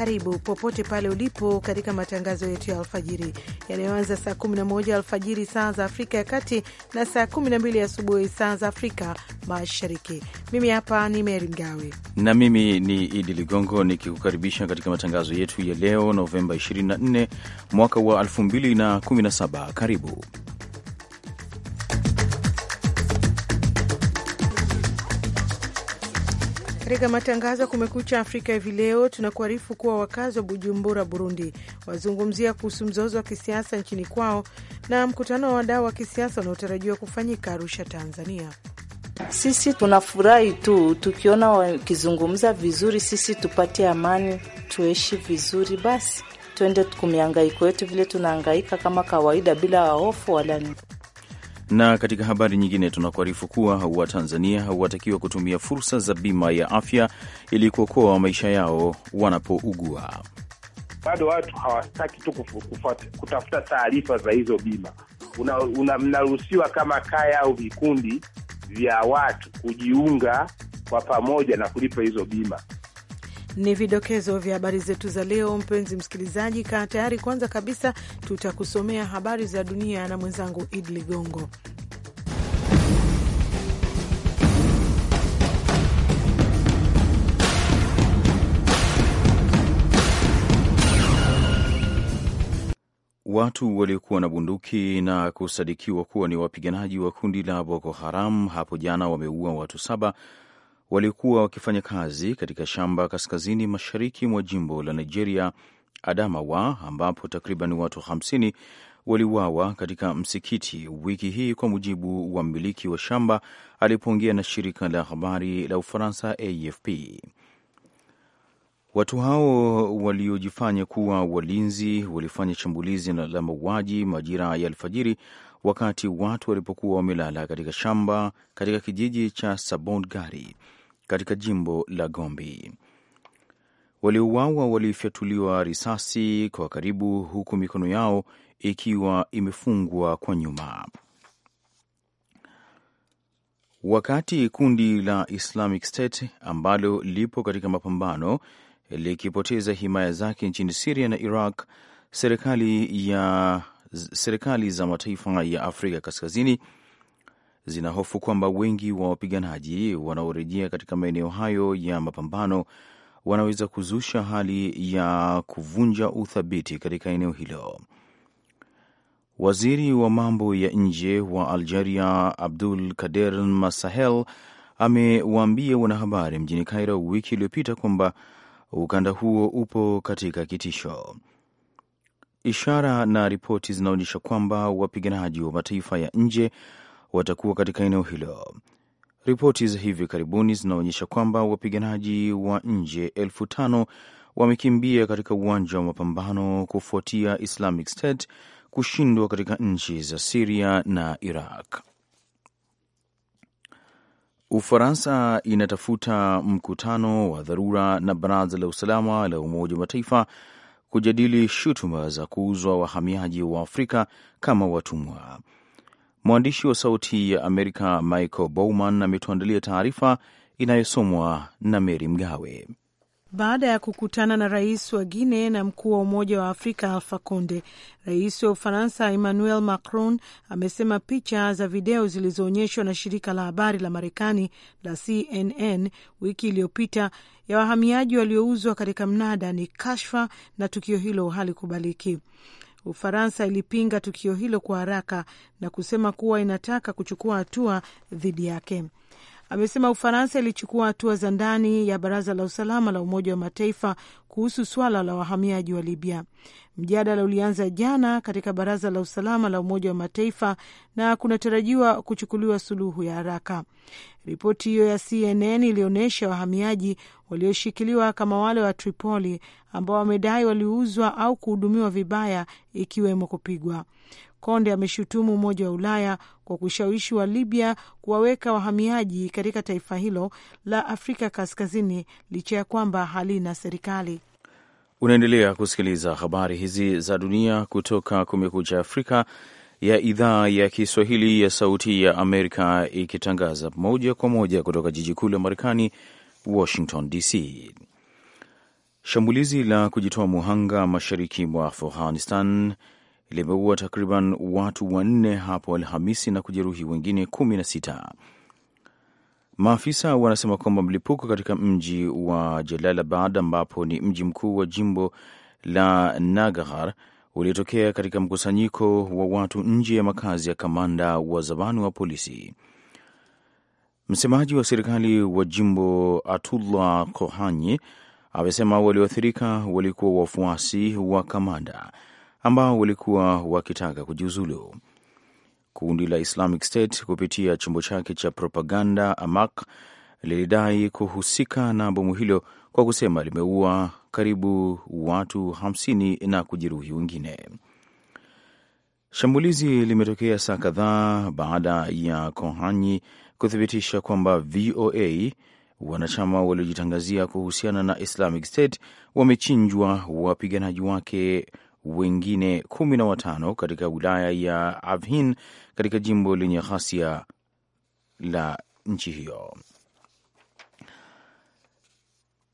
Karibu popote pale ulipo katika matangazo yetu ya alfajiri yanayoanza saa 11 alfajiri saa za Afrika ya Kati na saa 12 asubuhi saa za Afrika Mashariki. Mimi hapa ni Meri Mgawe na mimi ni Idi Ligongo nikikukaribisha katika matangazo yetu ya leo Novemba 24 mwaka wa 2017. Karibu Katika matangazo ya Kumekucha Afrika hivi leo, tunakuarifu kuwa wakazi wa Bujumbura, Burundi, wazungumzia kuhusu mzozo wa kisiasa nchini kwao na mkutano wa wadau wa kisiasa unaotarajiwa kufanyika Arusha, Tanzania. Sisi tunafurahi tu tukiona wakizungumza vizuri, sisi tupate amani, tuishi vizuri, basi tuende kumiangaiko yetu vile tunaangaika kama kawaida, bila hofu wala nini. Na katika habari nyingine tunakuarifu kuwa Watanzania watakiwa kutumia fursa za bima ya afya ili kuokoa maisha yao wanapougua. Bado watu hawataki tu kutafuta taarifa za hizo bima. Mnaruhusiwa kama kaya au vikundi vya watu kujiunga kwa pamoja na kulipa hizo bima. Ni vidokezo vya habari zetu za leo. Mpenzi msikilizaji, kaa tayari. Kwanza kabisa, tutakusomea habari za dunia na mwenzangu Id Ligongo. Watu waliokuwa na bunduki na kusadikiwa kuwa ni wapiganaji wa kundi la Boko Haram hapo jana wameua watu saba walikuwa wakifanya kazi katika shamba kaskazini mashariki mwa jimbo la Nigeria, Adamawa, ambapo takriban watu 50 waliuawa katika msikiti wiki hii, kwa mujibu wa mmiliki wa shamba alipoongea na shirika la habari la Ufaransa AFP. Watu hao waliojifanya kuwa walinzi walifanya shambulizi la mauaji majira ya alfajiri wakati watu walipokuwa wamelala katika shamba katika kijiji cha Sabon Gari katika jimbo la gombi Waliouawa walifyatuliwa risasi kwa karibu, huku mikono yao ikiwa imefungwa kwa nyuma. Wakati kundi la Islamic State ambalo lipo katika mapambano likipoteza himaya zake nchini Siria na Iraq, serikali ya serikali za mataifa ya Afrika Kaskazini zina hofu kwamba wengi wa wapiganaji wanaorejea katika maeneo hayo ya mapambano wanaweza kuzusha hali ya kuvunja uthabiti katika eneo hilo. Waziri wa mambo ya nje wa Algeria Abdul Kader Masahel amewaambia wanahabari mjini Kairo wiki iliyopita kwamba ukanda huo upo katika kitisho. Ishara na ripoti zinaonyesha kwamba wapiganaji wa mataifa ya nje watakuwa katika eneo hilo. Ripoti za hivi karibuni zinaonyesha kwamba wapiganaji wa nje elfu tano wamekimbia katika uwanja wa mapambano kufuatia Islamic State kushindwa katika nchi za Siria na Iraq. Ufaransa inatafuta mkutano wa dharura na Baraza la Usalama la Umoja wa Mataifa kujadili shutuma za kuuzwa wahamiaji wa Afrika kama watumwa. Mwandishi wa Sauti ya Amerika Michael Bowman ametuandalia taarifa inayosomwa na Meri Mgawe. Baada ya kukutana na rais wa Guine na mkuu wa Umoja wa Afrika Alfa Conde, rais wa Ufaransa Emmanuel Macron amesema picha za video zilizoonyeshwa na shirika la habari la Marekani la CNN wiki iliyopita ya wahamiaji waliouzwa katika mnada ni kashfa na tukio hilo halikubaliki. Ufaransa ilipinga tukio hilo kwa haraka na kusema kuwa inataka kuchukua hatua dhidi yake amesema Ufaransa ilichukua hatua za ndani ya Baraza la Usalama la Umoja wa Mataifa kuhusu swala la wahamiaji wa Libya. Mjadala ulianza jana katika Baraza la Usalama la Umoja wa Mataifa na kunatarajiwa kuchukuliwa suluhu ya haraka. Ripoti hiyo ya CNN ilionyesha wahamiaji walioshikiliwa kama wale wa Tripoli ambao wamedai waliuzwa au kuhudumiwa vibaya, ikiwemo kupigwa. Konde ameshutumu Umoja wa Ulaya kwa kushawishi wa Libya kuwaweka wahamiaji katika taifa hilo la Afrika Kaskazini licha ya kwamba halina serikali. Unaendelea kusikiliza habari hizi za dunia kutoka Kumekucha Afrika ya idhaa ya Kiswahili ya Sauti ya Amerika, ikitangaza moja kwa moja kutoka jiji kuu la Marekani, Washington DC. Shambulizi la kujitoa muhanga mashariki mwa Afghanistan limeua takriban watu wanne hapo Alhamisi na kujeruhi wengine kumi na sita. Maafisa wanasema kwamba mlipuko katika mji wa Jalalabad ambapo ni mji mkuu wa jimbo la nagahar uliotokea katika mkusanyiko wa watu nje ya makazi ya kamanda wa zamani wa polisi. Msemaji wa serikali wa jimbo Atullah Kohanyi amesema walioathirika walikuwa wafuasi wa kamanda ambao walikuwa wakitaka kujiuzulu. Kundi la Islamic State kupitia chombo chake cha propaganda Amaq lilidai kuhusika na bomu hilo kwa kusema limeua karibu watu 50 na kujeruhi wengine. Shambulizi limetokea saa kadhaa baada ya Kohanyi kuthibitisha kwamba VOA wanachama waliojitangazia kuhusiana na Islamic State wamechinjwa wapiganaji wake wengine kumi na watano katika wilaya ya Avhin katika jimbo lenye ghasia la nchi hiyo.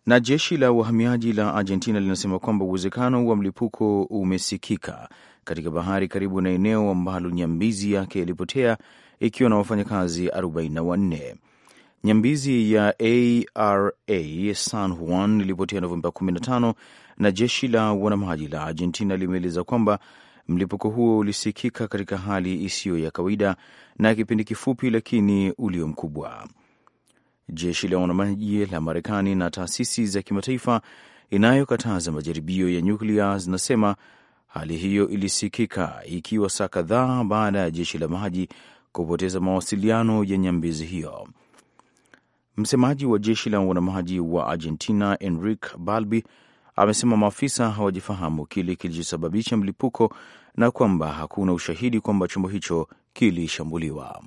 Na jeshi la uhamiaji la Argentina linasema kwamba uwezekano wa mlipuko umesikika katika bahari karibu na eneo ambalo nyambizi yake ilipotea ikiwa na wafanyakazi 44. Nyambizi ya ARA San Juan ilipotea Novemba 15 na jeshi la wanamaji la Argentina limeeleza kwamba mlipuko huo ulisikika katika hali isiyo ya kawaida na kipindi kifupi, lakini ulio mkubwa. Jeshi la wanamaji la Marekani na taasisi za kimataifa inayokataza majaribio ya nyuklia zinasema hali hiyo ilisikika ikiwa saa kadhaa baada ya jeshi la maji kupoteza mawasiliano ya nyambizi hiyo. Msemaji wa jeshi la wanamaji wa Argentina Enrique Balbi amesema maafisa hawajifahamu kile kilichosababisha mlipuko na kwamba hakuna ushahidi kwamba chombo hicho kilishambuliwa.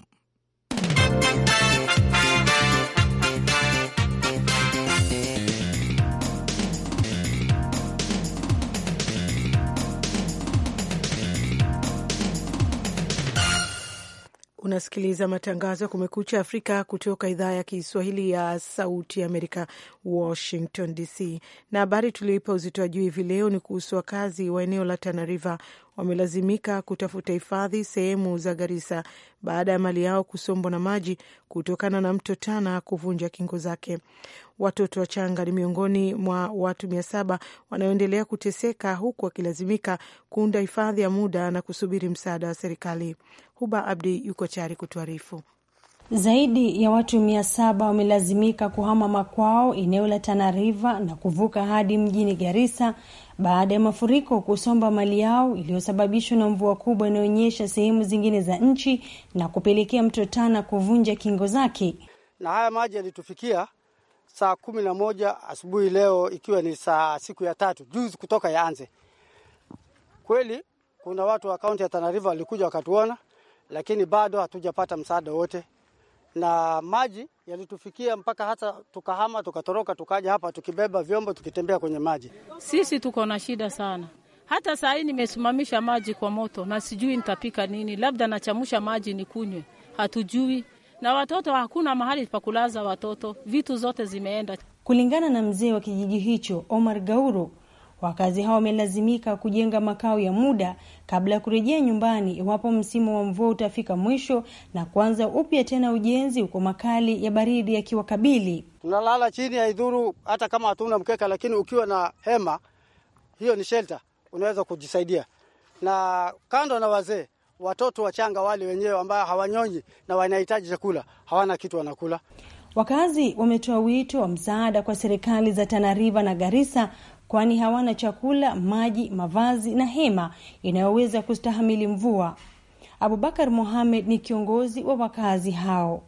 unasikiliza matangazo ya Kumekucha Afrika kutoka idhaa ya Kiswahili ya Sauti ya Amerika, Washington DC. Na habari tulioipa uzito wa juu hivi leo ni kuhusu wakazi wa eneo la Tana River wamelazimika kutafuta hifadhi sehemu za Garisa baada ya mali yao kusombwa na maji kutokana na mto Tana kuvunja kingo zake watoto wachanga ni miongoni mwa watu mia saba wanaoendelea kuteseka huku wakilazimika kuunda hifadhi ya muda na kusubiri msaada wa serikali. Huba Abdi yuko tayari kutuarifu. Zaidi ya watu mia saba wamelazimika kuhama makwao eneo la Tana River na kuvuka hadi mjini Garissa baada ya mafuriko kusomba mali yao iliyosababishwa na mvua kubwa inayoonyesha sehemu zingine za nchi na kupelekea mto Tana kuvunja kingo zake. Na haya maji yalitufikia saa kumi na moja asubuhi leo, ikiwa ni saa siku ya tatu juzi kutoka yaanze. Kweli kuna watu wa kaunti ya Tana River walikuja wakatuona, lakini bado hatujapata msaada wote, na maji yalitufikia mpaka hata tukahama tukatoroka tukaja hapa tukibeba vyombo tukitembea kwenye maji. Sisi tuko na shida sana hata saa hii nimesimamisha maji kwa moto na sijui nitapika nini, labda nachamusha maji nikunywe, hatujui na watoto hakuna mahali pa kulaza watoto, vitu zote zimeenda. Kulingana na mzee wa kijiji hicho Omar Gauro, wakazi hao wamelazimika kujenga makao ya muda kabla ya kurejea nyumbani iwapo msimu wa mvua utafika mwisho na kuanza upya tena ujenzi, huko makali ya baridi yakiwakabili. Tunalala chini, haidhuru hata kama hatuna mkeka, lakini ukiwa na hema, hiyo ni shelta, unaweza kujisaidia. Na kando na wazee watoto wachanga wale wenyewe ambao hawanyonyi na wanahitaji chakula, hawana kitu wanakula. Wakazi wametoa wito wa msaada kwa serikali za Tana River na Garissa kwani hawana chakula, maji, mavazi na hema inayoweza kustahamili mvua. Abubakar Mohamed ni kiongozi wa wakazi hao.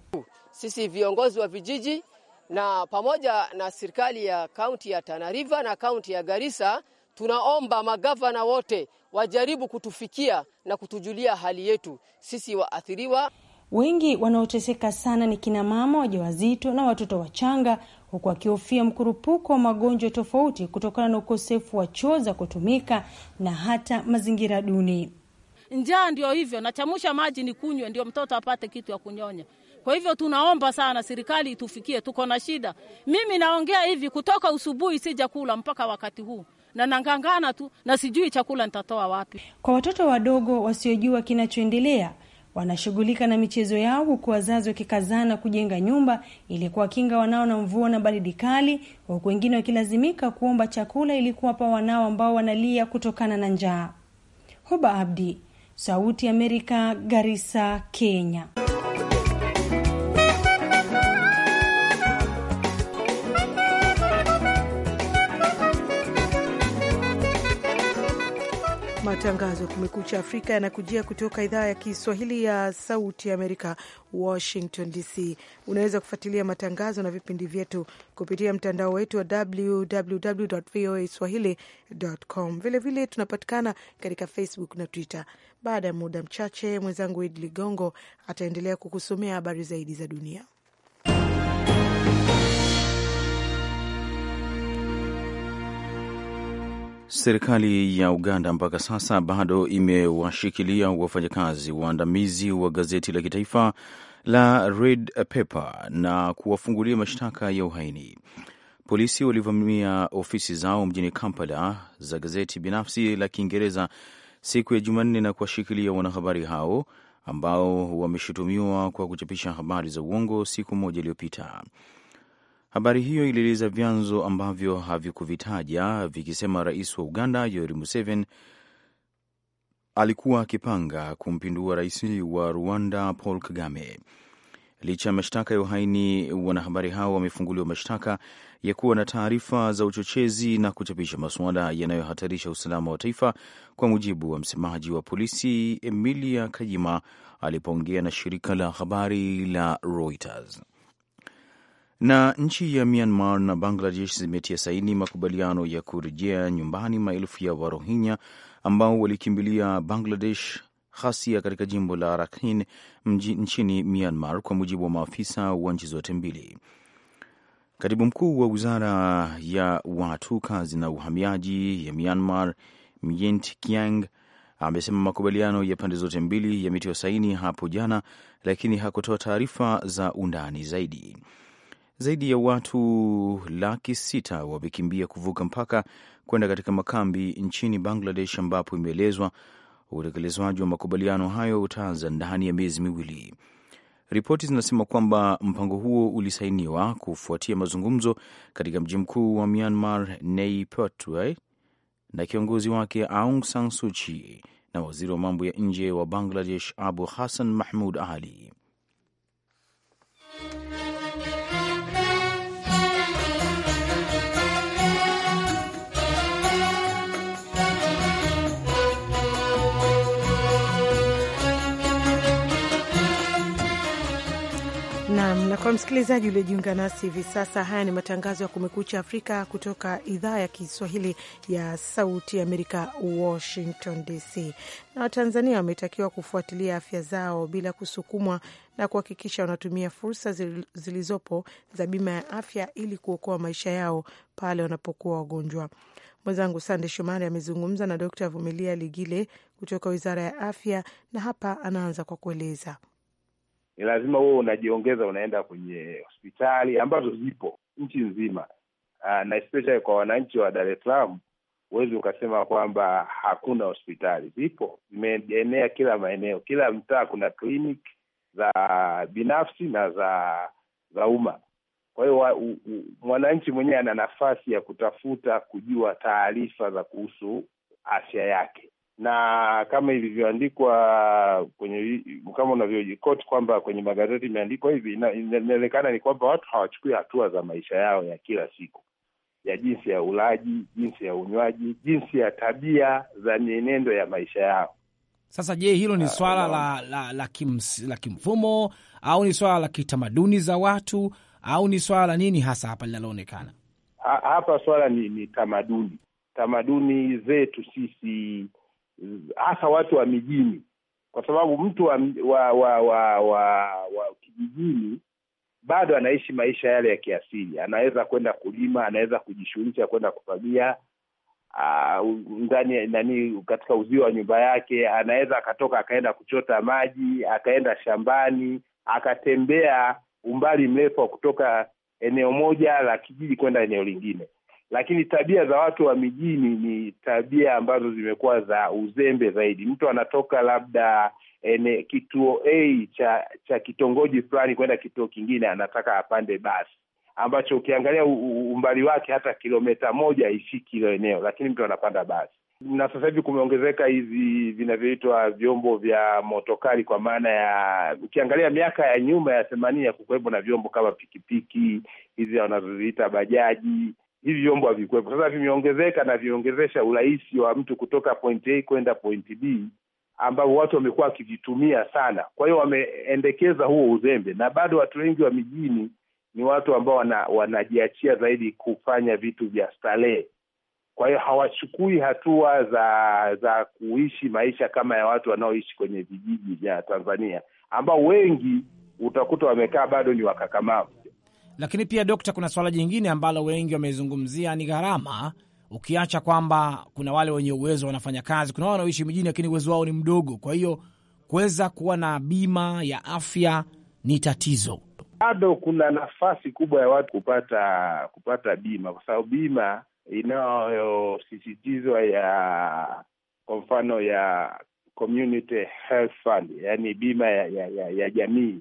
Sisi viongozi wa vijiji na pamoja na serikali ya kaunti ya Tana River na kaunti ya Garissa tunaomba magavana wote wajaribu kutufikia na kutujulia hali yetu sisi waathiriwa. Wengi wanaoteseka sana ni kina mama wajawazito na watoto wachanga, huku wakihofia mkurupuko wa magonjwa tofauti kutokana na ukosefu wa choo za kutumika na hata mazingira duni. Njaa ndio hivyo, nachamusha maji ni kunywe, ndio mtoto apate kitu ya kunyonya. Kwa hivyo tunaomba sana serikali itufikie, tuko na shida. Mimi naongea hivi kutoka usubuhi sija kula mpaka wakati huu na nangangana tu na sijui chakula nitatoa wapi. Kwa watoto wadogo wasiojua kinachoendelea, wanashughulika na michezo yao, huku wazazi wakikazana kujenga nyumba ili kuwakinga wanao na mvua na baridi kali, huku wengine wakilazimika kuomba chakula ili kuwapa wanao ambao wanalia kutokana na njaa. Huba Abdi, Sauti ya Amerika, Garissa, Kenya. Matangazo ya Kumekucha Afrika yanakujia kutoka idhaa ya Kiswahili ya Sauti ya Amerika, Washington DC. Unaweza kufuatilia matangazo na vipindi vyetu kupitia mtandao wetu wa www voa swahili.com. Vilevile tunapatikana katika Facebook na Twitter. Baada ya muda mchache, mwenzangu Idi Ligongo ataendelea kukusomea habari zaidi za dunia. Serikali ya Uganda mpaka sasa bado imewashikilia wafanyakazi waandamizi wa gazeti la kitaifa la Red Pepper na kuwafungulia mashtaka ya uhaini. Polisi walivamia ofisi zao mjini Kampala za gazeti binafsi la Kiingereza siku ya Jumanne na kuwashikilia wanahabari hao ambao wameshutumiwa kwa kuchapisha habari za uongo siku moja iliyopita. Habari hiyo ilieleza vyanzo ambavyo havikuvitaja vikisema rais wa Uganda Yoweri Museveni alikuwa akipanga kumpindua rais wa Rwanda Paul Kagame. Licha ya mashtaka ya uhaini, wanahabari hao wamefunguliwa mashtaka ya kuwa na taarifa za uchochezi na kuchapisha masuala yanayohatarisha usalama wa taifa, kwa mujibu wa msemaji wa polisi Emilia Kajima alipoongea na shirika la habari la Reuters. Na nchi ya Myanmar na Bangladesh zimetia saini makubaliano ya kurejea nyumbani maelfu ya Warohinya ambao walikimbilia Bangladesh ghasia katika jimbo la Rakhine nchini Myanmar, kwa mujibu wa maafisa wa nchi zote mbili. Katibu mkuu wa wizara ya watu kazi na uhamiaji ya Myanmar, Myint Kiang, amesema makubaliano ya pande zote mbili yametiwa saini hapo jana, lakini hakutoa taarifa za undani zaidi. Zaidi ya watu laki sita wamekimbia kuvuka mpaka kwenda katika makambi nchini Bangladesh, ambapo imeelezwa utekelezwaji wa makubaliano hayo utaanza ndani ya miezi miwili. Ripoti zinasema kwamba mpango huo ulisainiwa kufuatia mazungumzo katika mji mkuu wa Myanmar, Nay na kiongozi wake Aung San Suu Kyi na waziri wa mambo ya nje wa Bangladesh, Abu Hassan Mahmud Ali. na kwa msikilizaji uliojiunga nasi hivi sasa, haya ni matangazo ya Kumekucha Afrika kutoka idhaa ya Kiswahili ya Sauti Amerika, Washington DC. Na Watanzania wametakiwa kufuatilia afya zao bila kusukumwa na kuhakikisha wanatumia fursa zilizopo za bima ya afya ili kuokoa maisha yao pale wanapokuwa wagonjwa. Mwenzangu Sande Shomari amezungumza na Dkt Vumilia Ligile kutoka Wizara ya Afya, na hapa anaanza kwa kueleza ni lazima huo unajiongeza, unaenda kwenye hospitali ambazo zipo nchi nzima, ah, na especially kwa wananchi wa Dar es Salaam huwezi ukasema kwamba hakuna hospitali. Zipo, zimeenea kila maeneo, kila mtaa kuna klinik za binafsi na za za umma. Kwa hiyo mwananchi mwenyewe ana nafasi ya kutafuta kujua taarifa za kuhusu afya yake na kama ilivyoandikwa kwenye kama unavyojikoti kwamba kwenye magazeti imeandikwa hivi, inaonekana ni kwamba watu hawachukui hatua za maisha yao ya kila siku, ya jinsi ya ulaji, jinsi ya unywaji, jinsi ya tabia za mienendo ya maisha yao. Sasa je, hilo ni ah, swala uh, la, la, la, kim, la kimfumo au ni swala la kitamaduni za watu au ni swala la nini hasa hapa linaloonekana? Ha, hapa swala ni, ni tamaduni tamaduni zetu sisi hasa watu wa mijini, kwa sababu mtu wa, wa, wa, wa, wa, wa kijijini bado anaishi maisha yale ya kiasili, anaweza kwenda kulima, anaweza kujishughulisha kwenda kufagia ndani nani, katika uzio wa nyumba yake, anaweza akatoka akaenda kuchota maji, akaenda shambani, akatembea umbali mrefu wa kutoka eneo moja la kijiji kwenda eneo lingine lakini tabia za watu wa mijini ni tabia ambazo zimekuwa za uzembe zaidi. Mtu anatoka labda ene, eh, kituo A cha cha kitongoji fulani kwenda kituo kingine, anataka apande basi ambacho ukiangalia umbali wake hata kilomita moja haifiki hilo eneo, lakini mtu anapanda basi. Na sasa hivi kumeongezeka hizi vinavyoitwa vyombo vya motokari, kwa maana ya ukiangalia miaka ya nyuma ya themanini ya kukuwepo na vyombo kama pikipiki hizi wanazoziita bajaji hivi vyombo havikuwepo. Sasa vimeongezeka na vimeongezesha urahisi wa mtu kutoka point A kwenda point B, ambapo watu wamekuwa wakivitumia sana. Kwa hiyo wameendekeza huo uzembe, na bado watu wengi wa mijini ni watu ambao wana, wanajiachia zaidi kufanya vitu vya starehe. Kwa hiyo hawachukui hatua za za kuishi maisha kama ya watu wanaoishi kwenye vijiji vya Tanzania, ambao wengi utakuta wamekaa bado ni wakakamavu. Lakini pia dokta, kuna swala jingine ambalo wengi wamezungumzia ni gharama, ukiacha kwamba kuna wale wenye uwezo wanafanya kazi, kuna wale wanaoishi mjini, lakini uwezo wao ni mdogo, kwa hiyo kuweza kuwa na bima ya afya ni tatizo. Bado kuna nafasi kubwa ya watu kupata kupata bima, kwa sababu bima inayosisitizwa ya kwa mfano ya community health fund, bima ya, ya, ya, ya jamii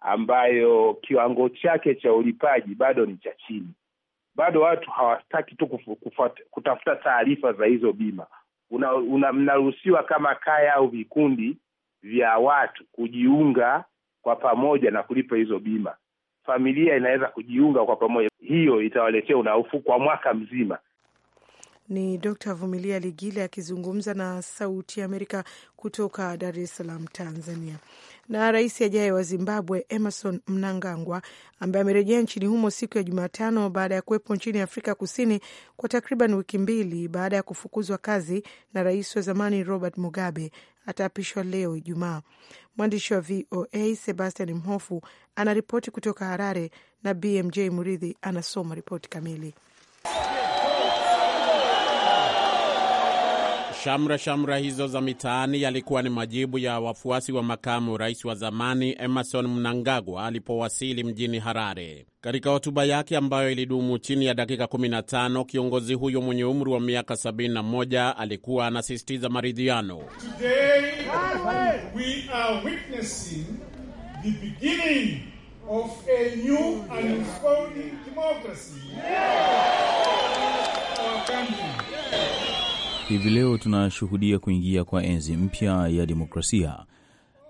ambayo kiwango chake cha ulipaji bado ni cha chini. Bado watu hawataki tu kutafuta taarifa za hizo bima. Mnaruhusiwa kama kaya au vikundi vya watu kujiunga kwa pamoja na kulipa hizo bima. Familia inaweza kujiunga kwa pamoja, hiyo itawaletea unafuu kwa mwaka mzima. Ni Dr Vumilia Ligile akizungumza na Sauti ya Amerika kutoka Dar es Salaam, Tanzania. Na rais ajaye wa Zimbabwe Emerson Mnangagwa, ambaye amerejea nchini humo siku ya Jumatano baada ya kuwepo nchini Afrika Kusini kwa takriban wiki mbili baada ya kufukuzwa kazi na rais wa zamani Robert Mugabe, ataapishwa leo Ijumaa. Mwandishi wa VOA Sebastian Mhofu anaripoti kutoka Harare na BMJ Muridhi anasoma ripoti kamili. Shamra shamra hizo za mitaani yalikuwa ni majibu ya wafuasi wa makamu rais wa zamani Emerson Mnangagwa alipowasili mjini Harare. Katika hotuba yake ambayo ilidumu chini ya dakika 15, kiongozi huyo mwenye umri wa miaka 71 alikuwa anasisitiza maridhiano. Today Hivi leo tunashuhudia kuingia kwa enzi mpya ya demokrasia,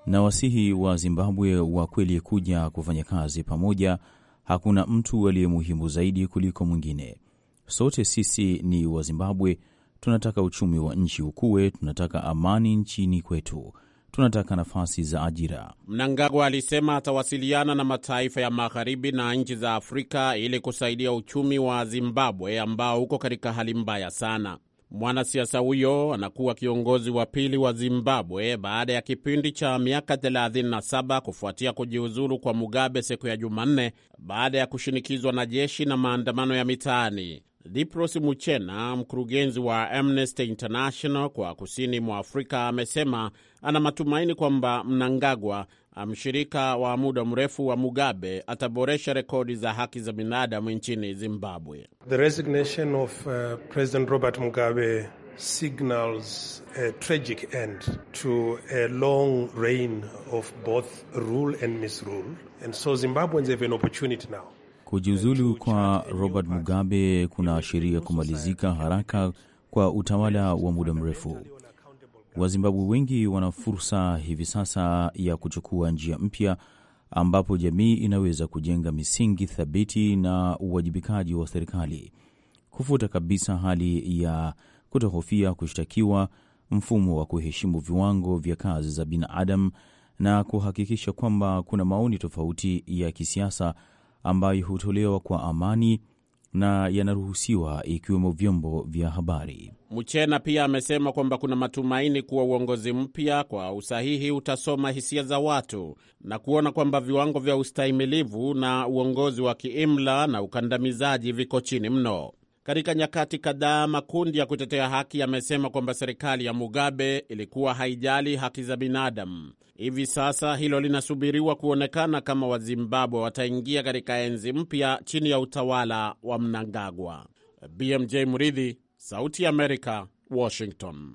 na wasihi wa Zimbabwe wa kweli kuja kufanya kazi pamoja. Hakuna mtu aliye muhimu zaidi kuliko mwingine. Sote sisi ni Wazimbabwe. Tunataka uchumi wa nchi ukuwe tunataka amani nchini kwetu, tunataka nafasi za ajira. Mnangagwa alisema atawasiliana na mataifa ya magharibi na nchi za Afrika ili kusaidia uchumi wa Zimbabwe ambao uko katika hali mbaya sana. Mwanasiasa huyo anakuwa kiongozi wa pili wa Zimbabwe baada ya kipindi cha miaka 37 kufuatia kujiuzulu kwa Mugabe siku ya Jumanne baada ya kushinikizwa na jeshi na maandamano ya mitaani. Dipros Muchena, mkurugenzi wa Amnesty International kwa kusini mwa Afrika, amesema ana matumaini kwamba Mnangagwa, mshirika wa muda mrefu wa Mugabe, ataboresha rekodi za haki za binadamu nchini Zimbabwe. The resignation of, uh, President Robert Mugabe signals a tragic end to a long reign of both rule and misrule. And so Zimbabweans have an opportunity now Kujiuzulu kwa Robert Mugabe kunaashiria kumalizika haraka kwa utawala wa muda mrefu. Wazimbabwe wengi wana fursa hivi sasa ya kuchukua njia mpya ambapo jamii inaweza kujenga misingi thabiti na uwajibikaji wa serikali, kufuta kabisa hali ya kutohofia kushtakiwa, mfumo wa kuheshimu viwango vya kazi za binadamu na kuhakikisha kwamba kuna maoni tofauti ya kisiasa ambayo hutolewa kwa amani na yanaruhusiwa ikiwemo vyombo vya habari. mchena pia amesema kwamba kuna matumaini kuwa uongozi mpya kwa usahihi utasoma hisia za watu na kuona kwamba viwango vya ustahimilivu na uongozi wa kiimla na ukandamizaji viko chini mno. Katika nyakati kadhaa, makundi ya kutetea haki yamesema kwamba serikali ya Mugabe ilikuwa haijali haki za binadamu. Hivi sasa hilo linasubiriwa kuonekana kama Wazimbabwe wataingia katika enzi mpya chini ya utawala wa Mnangagwa. BMJ Muridhi, Sauti ya Amerika, Washington.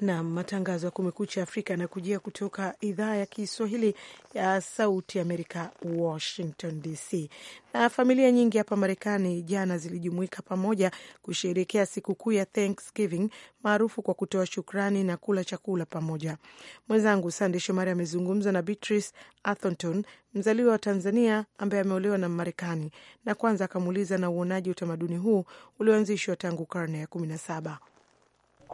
Nam, matangazo ya Kumekucha Afrika yanakujia kutoka idhaa ya Kiswahili ya Sauti Amerika, Washington DC. Na familia nyingi hapa Marekani jana zilijumuika pamoja kusherekea sikukuu ya Thanksgiving maarufu kwa kutoa shukrani na kula chakula pamoja. Mwenzangu Sande Shomari amezungumza na Beatrice athonton mzaliwa wa Tanzania ambaye ameolewa na Marekani, na kwanza akamuuliza na uonaji utamaduni huu ulioanzishwa tangu karne ya kumi na saba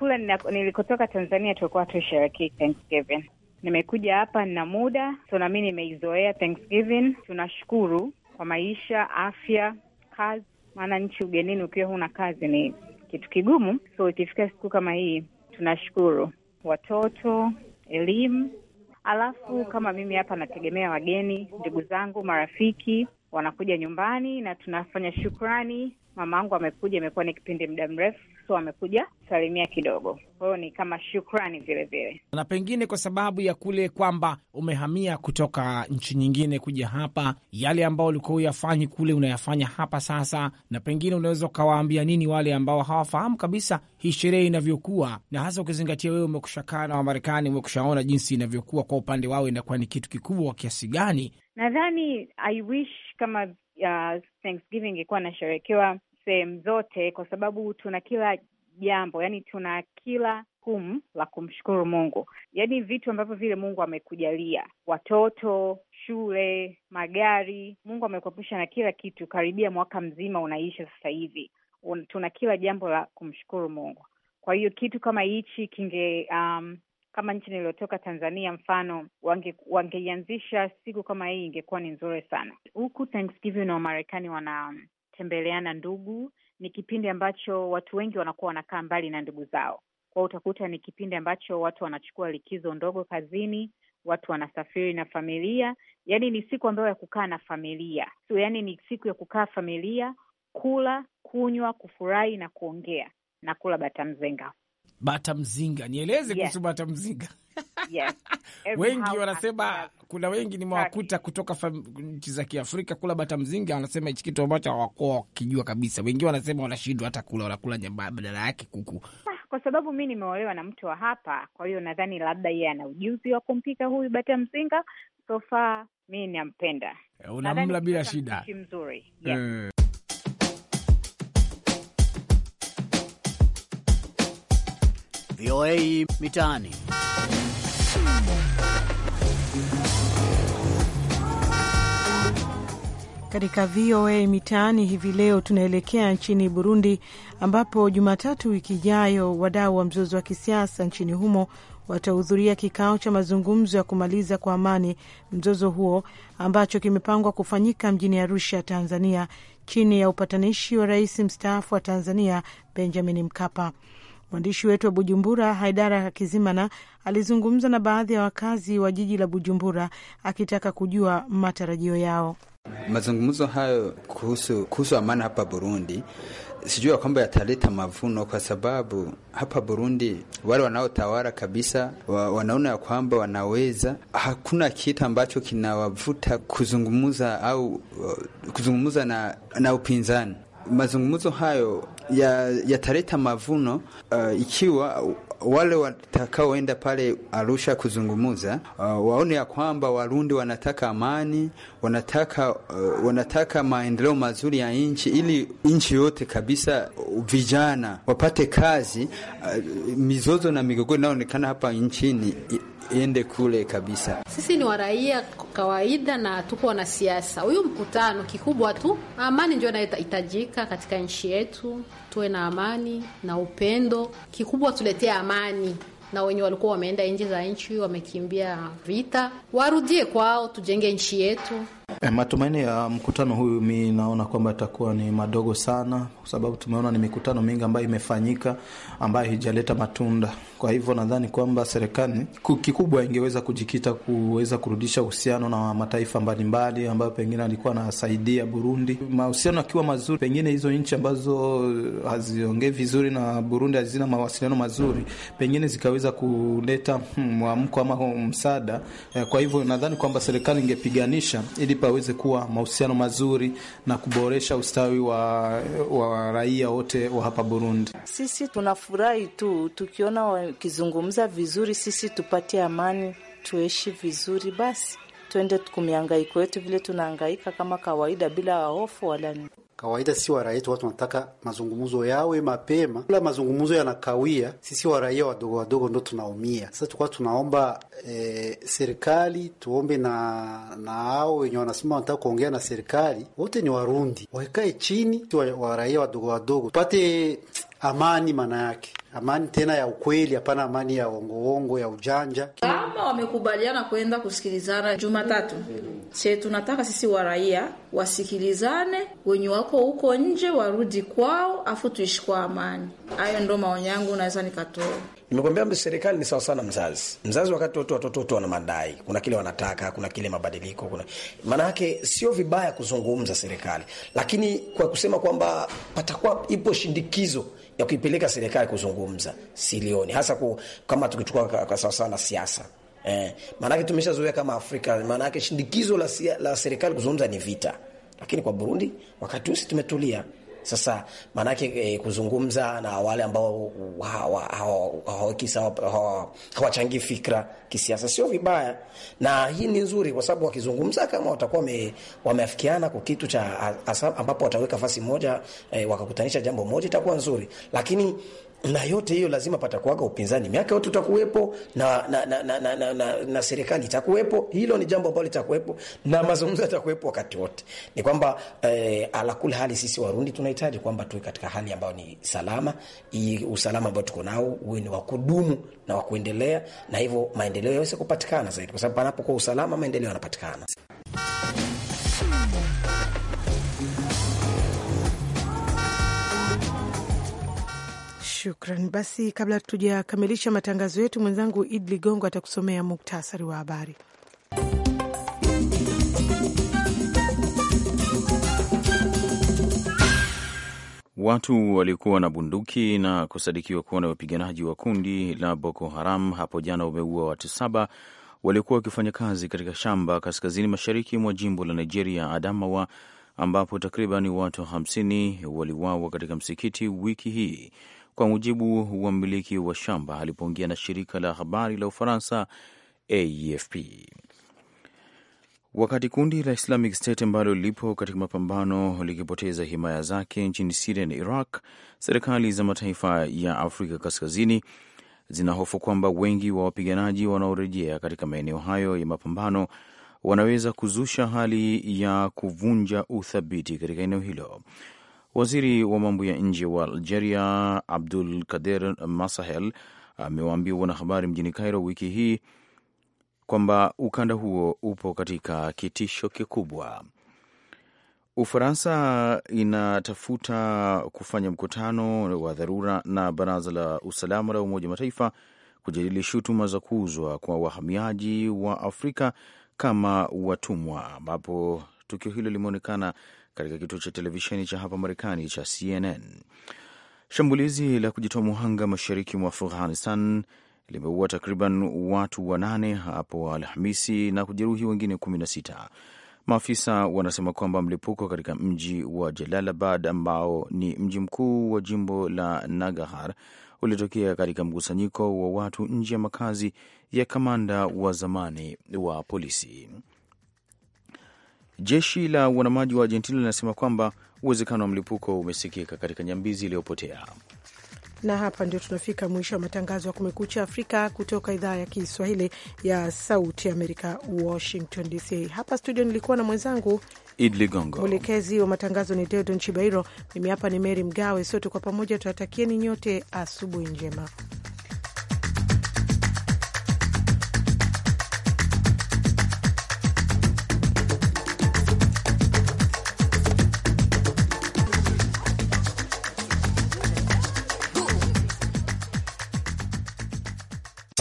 kule nilikotoka Tanzania tulikuwa tusherekei Thanksgiving. Nimekuja hapa nina muda, so nami nimeizoea Thanksgiving. Tunashukuru kwa maisha, afya, kazi, maana nchi ugenini ukiwa huna kazi ni kitu kigumu. So ikifika siku kama hii tunashukuru watoto, elimu. Alafu kama mimi hapa nategemea wageni, ndugu zangu, marafiki wanakuja nyumbani na tunafanya shukrani. Mama angu amekuja, imekuwa ni kipindi muda mrefu so wamekuja salimia kidogo. Kwa hiyo ni kama shukrani vile vile, na pengine kwa sababu ya kule kwamba umehamia kutoka nchi nyingine kuja hapa, yale ambayo ulikuwa uyafanyi kule unayafanya hapa sasa, na pengine unaweza ukawaambia nini wale ambao hawafahamu kabisa hii sherehe inavyokuwa, na hasa ukizingatia wewe umekushakaa na Wamarekani, umekushaona jinsi inavyokuwa kwa upande wao, inakuwa ni kitu kikubwa kiasi gani? Nadhani I wish kama uh, Thanksgiving ingekuwa sehemu zote, kwa sababu tuna kila jambo, yani tuna kila humu la kumshukuru Mungu, yani vitu ambavyo vile Mungu amekujalia, watoto, shule, magari. Mungu amekuepusha na kila kitu, karibia mwaka mzima unaisha sasa hivi, tuna kila jambo la kumshukuru Mungu. Kwa hiyo kitu kama hichi kinge um, kama nchi niliyotoka Tanzania mfano wange, wangeianzisha siku kama hii ingekuwa ni nzuri sana. Huku Thanksgiving na Wamarekani wana tembeleana ndugu. Ni kipindi ambacho watu wengi wanakuwa wanakaa mbali na ndugu zao, kwa utakuta ni kipindi ambacho watu wanachukua likizo ndogo kazini, watu wanasafiri na familia. Yani ni siku ambayo ya kukaa na familia, so yani ni siku ya kukaa familia, kula, kunywa, kufurahi na kuongea na kula bata mzinga. Bata mzinga, nieleze kuhusu bata mzinga yes. Wengi wanasema kuna wengi nimewakuta kutoka nchi za Kiafrika kula bata mzinga, wanasema hichi kitu ambacho hawakuwa wakijua kabisa. Wengine wanasema wanashindwa hata kula, wanakula nyama badala yake kuku. Ah, kwa sababu mi nimeolewa na mtu wa hapa, kwa hiyo nadhani labda yeye ana ujuzi wa kumpika huyu bata mzinga. So far mi nampenda, eh, unamla bila shida, mzuri eh. VOA Mitaani. Katika VOA Mitaani hivi leo tunaelekea nchini Burundi, ambapo Jumatatu wiki ijayo wadau wa mzozo wa kisiasa nchini humo watahudhuria kikao cha mazungumzo ya kumaliza kwa amani mzozo huo ambacho kimepangwa kufanyika mjini Arusha, Tanzania, chini ya upatanishi wa rais mstaafu wa Tanzania Benjamin Mkapa. Mwandishi wetu wa Bujumbura, Haidara Kizimana, alizungumza na baadhi ya wakazi wa jiji la Bujumbura akitaka kujua matarajio yao. Mazungumzo hayo kuhusu, kuhusu amani hapa Burundi sijua ya kwamba yataleta mavuno kwa sababu hapa Burundi wale wanaotawala kabisa wa, wanaona ya kwamba wanaweza. Hakuna kitu ambacho kinawavuta kuzungumza au uh, kuzungumza na, na upinzani. Mazungumzo hayo yataleta ya mavuno uh, ikiwa wale watakaoenda pale Arusha kuzungumuza uh, waone ya kwamba Warundi wanataka amani, wanataka uh, wanataka maendeleo mazuri ya nchi, ili nchi yote kabisa uh, vijana wapate kazi. Uh, mizozo na migogoro inayoonekana hapa nchini iende kule kabisa. Sisi ni waraia kawaida na tuko wanasiasa. Huyu mkutano kikubwa tu amani ndio inahitajika katika nchi yetu, tuwe na amani na upendo, kikubwa tuletee amani na wenye walikuwa wameenda nje za nchi wamekimbia vita warudie kwao, tujenge nchi yetu. E, matumaini ya mkutano huyu mi naona kwamba itakuwa ni madogo sana, kwa sababu tumeona ni mikutano mingi ambayo imefanyika ambayo haijaleta matunda. Kwa hivyo nadhani kwamba serikali kikubwa ingeweza kujikita kuweza kurudisha uhusiano na mataifa mbalimbali ambayo pengine alikuwa anasaidia Burundi, mahusiano akiwa mazuri, pengine hizo nchi ambazo haziongei vizuri na Burundi hazina mawasiliano mazuri, pengine zikaweza kuleta hmm, mwamko ama msaada. Eh, kwa hivyo nadhani kwamba serikali ingepiganisha ili mataifa yaweze kuwa mahusiano mazuri na kuboresha ustawi wa, wa raia wote wa hapa Burundi. Sisi tunafurahi tu tukiona wakizungumza vizuri, sisi tupate amani, tuishi vizuri basi tuende kumihangaiko yetu vile tunahangaika kama kawaida bila hofu wala nini kawaida sisi waraia raia tu watu wanataka mazungumzo yawe mapema, kila mazungumzo yanakawia, sisi waraia wadogo wadogo ndo tunaumia. Sasa tukuwa tunaomba e, serikali tuombe na na hao wenye wanasema wanataka kuongea na serikali, wote ni Warundi, wakae chini wa, wadogo wadogo tupate amani maana yake amani tena ya ukweli, hapana amani ya uongoongo ya ujanja. Kama wamekubaliana kwenda kusikilizana Jumatatu, se tunataka sisi wa raia wasikilizane, wenye wako huko nje warudi kwao, afu tuishi kwa amani. Hayo ndo maoni yangu, naweza nikatoa Nimekwambia serikali ni sawasawa na mzazi. Mzazi wakati wote watoto wote wana madai, kuna kile wanataka, kuna kile mabadiliko, kuna maana yake sio vibaya kuzungumza serikali, lakini kwa kusema kwamba patakuwa ipo shindikizo ya kuipeleka serikali kuzungumza kuzungumza, silioni hasa ku, kama tukichukua kwa sawasawa na siasa eh, maanake tumeshazoea kama Afrika, maanake shindikizo la, la serikali kuzungumza ni vita, lakini kwa Burundi wakati husi tumetulia sasa maanake eh, kuzungumza na wale ambao hawachangi fikra kisiasa sio vibaya, na hii ni nzuri, kwa sababu wakizungumza kama watakuwa wameafikiana kwa kitu cha ambapo wataweka fasi moja eh, wakakutanisha jambo moja, itakuwa nzuri. Lakini na yote hiyo lazima patakuwaga upinzani, miaka yote utakuwepo na, na, na, na, na, na, na, na serikali itakuwepo. Hilo ni jambo ambalo litakuwepo na mazungumzo yatakuwepo wakati wote. Ni kwamba eh, alakuli hali sisi Warundi tunahitaji kwamba tuwe katika hali ambayo ni salama. Hii usalama ambao tuko nao uwe ni wa kudumu na wa kuendelea, na hivyo maendeleo yaweze kupatikana zaidi, kwa sababu panapokuwa usalama, maendeleo yanapatikana. Shukran. Basi, kabla tujakamilisha matangazo yetu, mwenzangu id Ligongo atakusomea muktasari wa habari. Watu waliokuwa na bunduki na kusadikiwa kuwa na wapiganaji wa kundi la Boko Haram hapo jana wameua watu saba waliokuwa wakifanya kazi katika shamba kaskazini mashariki mwa jimbo la Nigeria, Adamawa, ambapo takriban watu 50 waliuawa katika msikiti wiki hii kwa mujibu wa mmiliki wa shamba alipoongea na shirika la habari la Ufaransa AFP. E Wakati kundi la Islamic State ambalo lipo katika mapambano likipoteza himaya zake nchini Siria na Iraq, serikali za mataifa ya Afrika Kaskazini zinahofu kwamba wengi wa wapiganaji wanaorejea katika maeneo hayo ya mapambano wanaweza kuzusha hali ya kuvunja uthabiti katika eneo hilo. Waziri wa mambo ya nje wa Algeria Abdul Kader Masahel amewaambia wanahabari mjini Cairo wiki hii kwamba ukanda huo upo katika kitisho kikubwa. Ufaransa inatafuta kufanya mkutano wa dharura na Baraza la Usalama la Umoja wa Mataifa kujadili shutuma za kuuzwa kwa wahamiaji wa Afrika kama watumwa, ambapo tukio hilo limeonekana katika kituo cha televisheni cha hapa Marekani cha CNN. Shambulizi la kujitoa muhanga mashariki mwa Afghanistan limeua takriban watu wanane hapo Alhamisi na kujeruhi wengine 16. Maafisa wanasema kwamba mlipuko katika mji wa Jalalabad ambao ni mji mkuu wa jimbo la Nagahar ulitokea katika mkusanyiko wa watu nje ya makazi ya kamanda wa zamani wa polisi. Jeshi la wanamaji wa Argentina linasema kwamba uwezekano wa mlipuko umesikika katika nyambizi iliyopotea. Na hapa ndio tunafika mwisho wa matangazo ya Kumekucha Afrika kutoka idhaa ya Kiswahili ya Sauti Amerika, Washington DC. Hapa studio nilikuwa na mwenzangu Id Ligongo, mwelekezi wa matangazo ni Deodon Chibairo, mimi hapa ni mery Mgawe. Sote kwa pamoja tunatakieni nyote asubuhi njema.